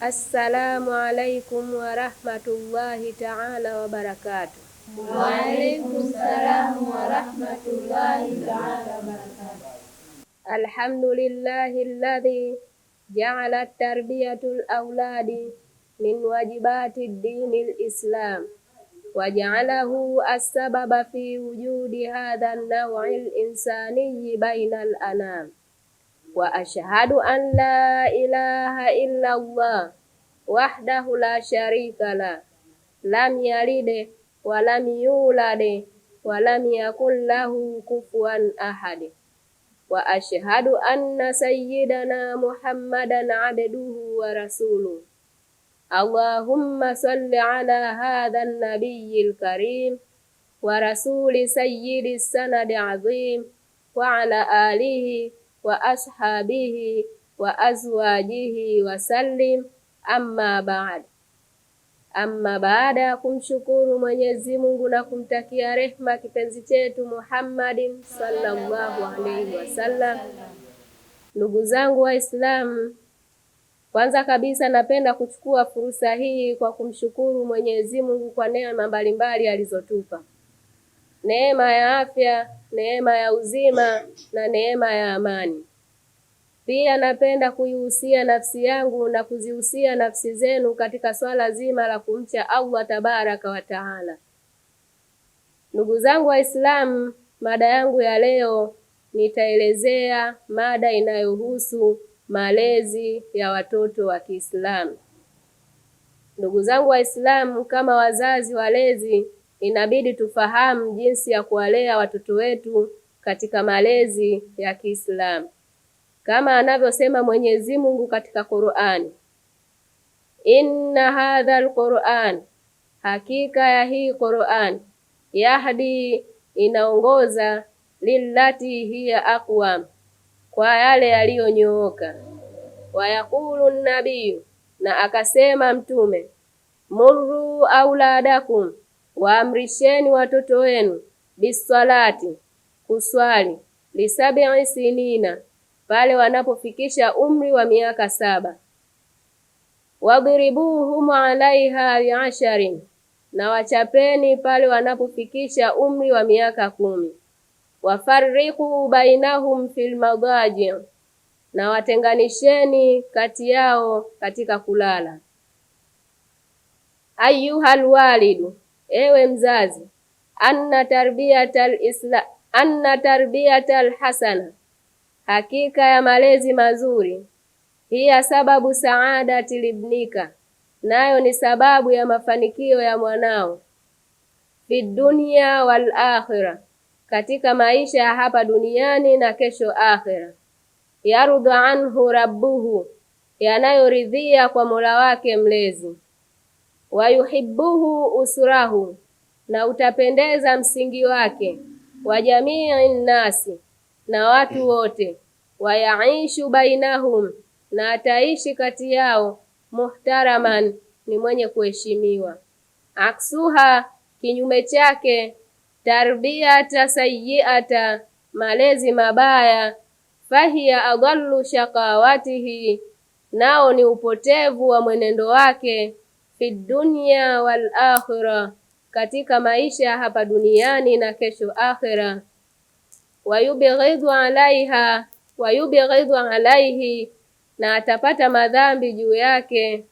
Assalamu alaikum warahmatullahi taala wabarakatuh. Waalaikum salamu warahmatullahi taala wabarakatuh. Alhamdulillahi alladhi ja'ala tarbiyatul awladi min wajibati dinil Islam. وجعله السبب في وجود هذا النوع الإنساني بين الأنام وأشهد أن لا إله إلا الله وحده لا شريك له لم يلد ولم يولد ولم يكن له كفوا أحد وأشهد أن سيدنا محمدا عبده ورسوله Allahumma salli ala hadha nabiyi lkarim wa rasuli sayyidi sanadi adhim wa ala alihi wa ashabihi wa azwajihi wasallim, amma baad. Amma baada ya kumshukuru Mwenyezi Mungu na kumtakia rehma kipenzi chetu Muhammadin sallallahu alaihi wasallam, ndugu zangu Waislamu kwanza kabisa napenda kuchukua fursa hii kwa kumshukuru Mwenyezi Mungu kwa neema mbalimbali alizotupa. Neema ya afya, neema ya uzima na neema ya amani. Pia napenda kuihusia nafsi yangu na kuzihusia nafsi zenu katika swala zima la kumcha Allah tabaraka wa taala. Ndugu zangu Waislamu, mada yangu ya leo nitaelezea mada inayohusu malezi ya watoto wa Kiislamu. Ndugu zangu Waislamu, kama wazazi walezi, inabidi tufahamu jinsi ya kuwalea watoto wetu katika malezi ya Kiislamu kama anavyosema Mwenyezi Mungu katika Qur'ani, inna hadha alquran, hakika ya hii Qur'an, yahdi, inaongoza lillati hiya aqwam kwa yale yaliyonyooka. Wayakulu nabiyu, na akasema Mtume, murru auladakum, waamrisheni watoto wenu biswalati, kuswali lisabii sinina, pale wanapofikisha umri wa miaka saba. Wadribuhum alaiha biasharin, na wachapeni pale wanapofikisha umri wa miaka kumi wafarriqu bainahum fil madaji, na watenganisheni kati yao katika kulala. Ayuhal walidu, ewe mzazi, anna tarbiyatal isla anna tarbiyatal hasana, hakika ya malezi mazuri, hiya sababu saadati libnika, nayo ni sababu ya mafanikio ya mwanao, fi dunya wal akhirah katika maisha ya hapa duniani na kesho akhera. yarudha anhu rabbuhu, yanayoridhia kwa Mola wake mlezi. Wayuhibbuhu usrahu, na utapendeza msingi wake. Wa jamii nnasi, na watu wote. Wayaishu bainahum, na ataishi kati yao. Muhtaraman, ni mwenye kuheshimiwa. Aksuha, kinyume chake tarbiyata sayiata, malezi mabaya. Fahiya adallu shaqawatihi, nao ni upotevu wa mwenendo wake. Fi dunya wal akhira, katika maisha hapa duniani na kesho akhira. Wayubghidhu alaiha, wayubghidhu alaihi, na atapata madhambi juu yake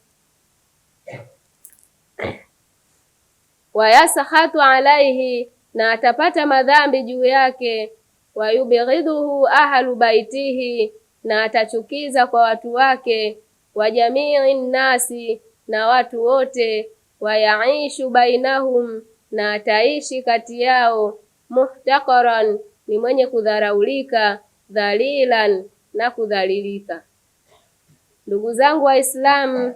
wayasahatu alaihi na atapata madhambi juu yake. wayubghidhuhu ahlu baitihi, na atachukiza kwa watu wake. Wa jamii nnasi, na watu wote. Wayaishu bainahum, na ataishi kati yao. Muhtaqaran, ni mwenye kudharaulika. Dhalilan, na kudhalilika. Ndugu zangu Waislamu,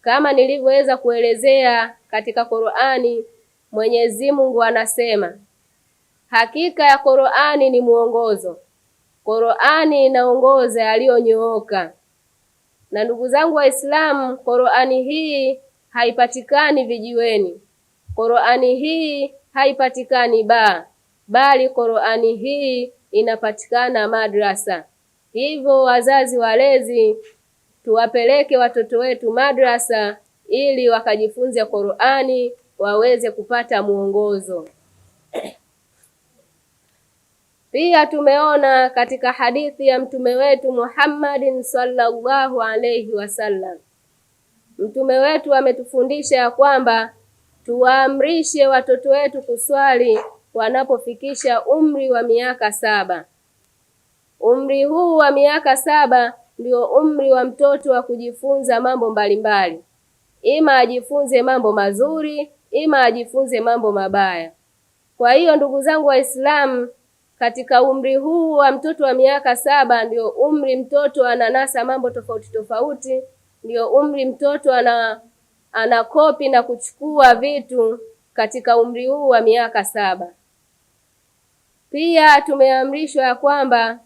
kama nilivyoweza kuelezea katika Qur'ani Mwenyezi Mungu anasema, hakika ya Qur'ani ni mwongozo. Qur'ani inaongoza yaliyonyooka. Na ndugu zangu Waislamu, Qur'ani hii haipatikani vijiweni. Qur'ani hii haipatikani ba bali Qur'ani hii inapatikana madrasa. Hivyo wazazi walezi, tuwapeleke watoto wetu madrasa ili wakajifunze Qur'ani waweze kupata mwongozo. Pia tumeona katika hadithi ya mtume wetu Muhammadin sallallahu alayhi wasallam, mtume wetu ametufundisha ya kwamba tuwaamrishe watoto wetu kuswali wanapofikisha umri wa miaka saba. Umri huu wa miaka saba ndio umri wa mtoto wa kujifunza mambo mbalimbali, ima ajifunze mambo mazuri ima ajifunze mambo mabaya. Kwa hiyo ndugu zangu Waislamu, katika umri huu wa mtoto wa miaka saba ndio umri mtoto ananasa mambo tofauti tofauti, ndio umri mtoto ana anakopi na kuchukua vitu katika umri huu wa miaka saba. Pia tumeamrishwa ya kwamba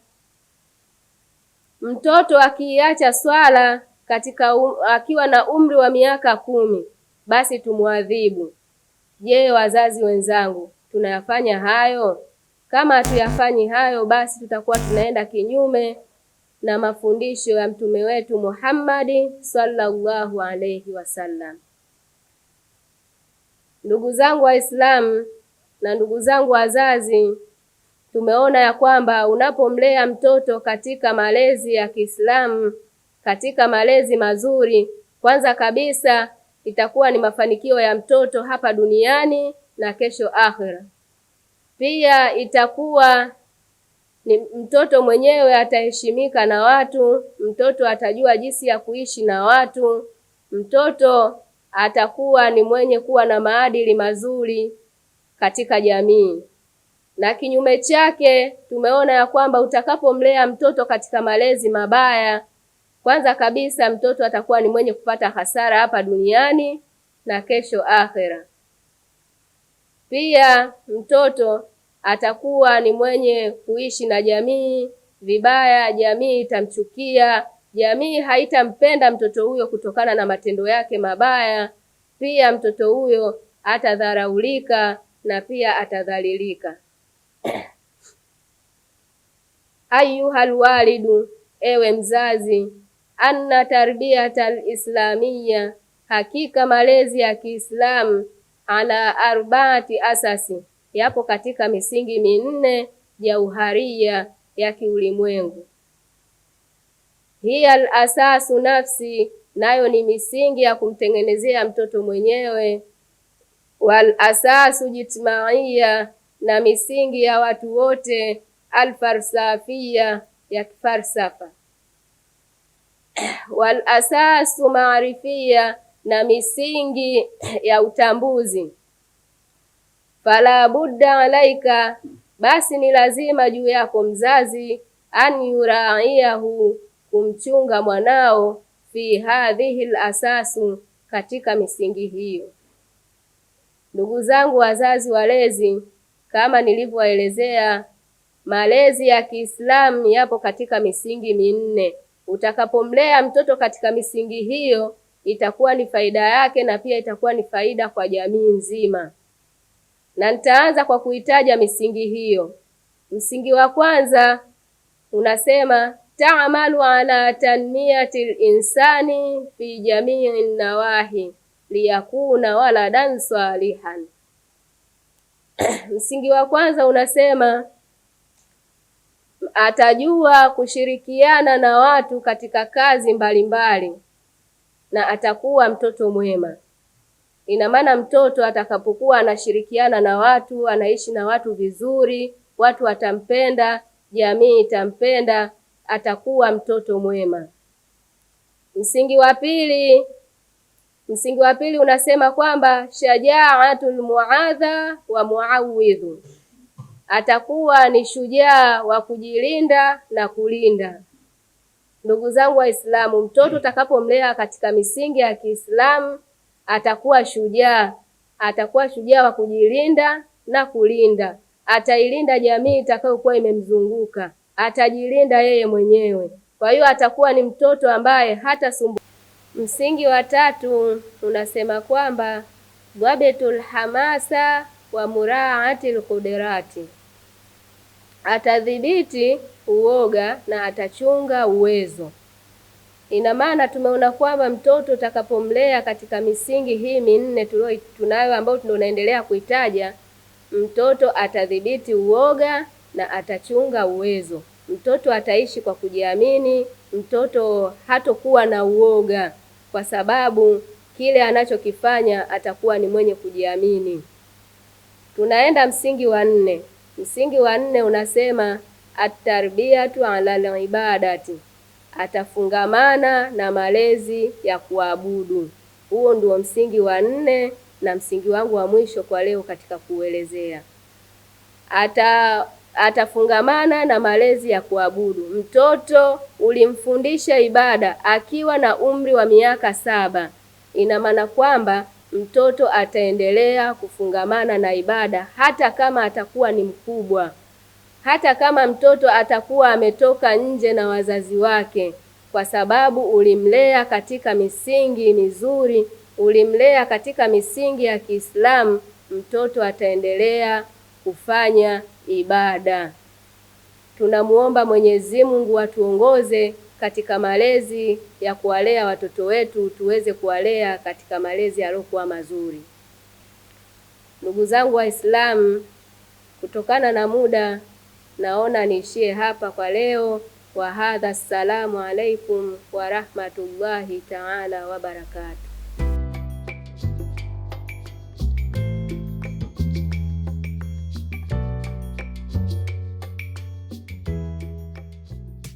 mtoto akiacha swala katika um, akiwa na umri wa miaka kumi basi tumwadhibu. Je, wazazi wenzangu, tunayafanya hayo? Kama hatuyafanyi hayo, basi tutakuwa tunaenda kinyume na mafundisho ya mtume wetu Muhammadi sallallahu alaihi wasallam. Ndugu zangu Waislamu na ndugu zangu wazazi, tumeona ya kwamba unapomlea mtoto katika malezi ya Kiislamu, katika malezi mazuri, kwanza kabisa itakuwa ni mafanikio ya mtoto hapa duniani na kesho akhira. Pia itakuwa ni mtoto mwenyewe ataheshimika na watu, mtoto atajua jinsi ya kuishi na watu, mtoto atakuwa ni mwenye kuwa na maadili mazuri katika jamii. Na kinyume chake, tumeona ya kwamba utakapomlea mtoto katika malezi mabaya kwanza kabisa mtoto atakuwa ni mwenye kupata hasara hapa duniani na kesho akhera. Pia mtoto atakuwa ni mwenye kuishi na jamii vibaya, jamii itamchukia, jamii haitampenda mtoto huyo kutokana na matendo yake mabaya. Pia mtoto huyo atadharaulika na pia atadhalilika. Ayuhalwalidu, ewe mzazi anna tarbiyata lislamia, hakika malezi ya Kiislamu ala arbaati asasi, yapo katika misingi minne ya uharia ya kiulimwengu. Hiya alasasu nafsi, nayo ni misingi ya kumtengenezea mtoto mwenyewe. Wal asasu jitmaia, na misingi ya watu wote. Alfarsafia, ya kifarsafa wal asasu maarifia, na misingi ya utambuzi. Fala budda alaika, basi ni lazima juu yako mzazi, an yuraiahu, kumchunga mwanao, fi hadhihi lasasu, katika misingi hiyo. Ndugu zangu wazazi walezi, kama nilivyoelezea, malezi ya Kiislamu yapo katika misingi minne. Utakapomlea mtoto katika misingi hiyo itakuwa ni faida yake na pia itakuwa ni faida kwa jamii nzima, na nitaanza kwa kuitaja misingi hiyo. Msingi wa kwanza unasema tamalu ala tanmiyati linsani fi jamii nawahi liyakuna waladan salihan. Msingi wa kwanza unasema atajua kushirikiana na watu katika kazi mbalimbali mbali, na atakuwa mtoto mwema. Ina maana mtoto atakapokuwa anashirikiana na watu, anaishi na watu vizuri, watu watampenda, jamii itampenda, atakuwa mtoto mwema. Msingi wa pili, msingi wa pili unasema kwamba shajaatul muadha wa muawidhu atakuwa ni shujaa wa kujilinda na kulinda. Ndugu zangu Waislamu, mtoto utakapomlea katika misingi ya Kiislamu atakuwa shujaa, atakuwa shujaa wa kujilinda na kulinda. Atailinda jamii itakayokuwa imemzunguka, atajilinda yeye mwenyewe. Kwa hiyo atakuwa ni mtoto ambaye hata sumbu. Msingi wa tatu unasema kwamba dhabetul hamasa wa muraatil al atadhibiti uoga na atachunga uwezo. Ina maana tumeona kwamba mtoto utakapomlea katika misingi hii minne tunayo ambayo tunaendelea kuitaja, mtoto atadhibiti uoga na atachunga uwezo. Mtoto ataishi kwa kujiamini, mtoto hatokuwa na uoga kwa sababu kile anachokifanya atakuwa ni mwenye kujiamini. Tunaenda msingi wa nne. Msingi wa nne unasema atarbiyatu ala ibadati, atafungamana na malezi ya kuabudu. Huo ndio msingi wa nne na msingi wangu wa mwisho kwa leo katika kuelezea ata atafungamana na malezi ya kuabudu. Mtoto ulimfundisha ibada akiwa na umri wa miaka saba, ina maana kwamba mtoto ataendelea kufungamana na ibada hata kama atakuwa ni mkubwa, hata kama mtoto atakuwa ametoka nje na wazazi wake, kwa sababu ulimlea katika misingi mizuri, ulimlea katika misingi ya Kiislamu. Mtoto ataendelea kufanya ibada. Tunamuomba Mwenyezi Mungu atuongoze katika malezi ya kuwalea watoto wetu tuweze kuwalea katika malezi yaliyokuwa mazuri. Ndugu zangu Waislamu, kutokana na muda naona niishie hapa kwa leo. Wa hadha, assalamu alaikum rahmatullahi taala wabarakatu.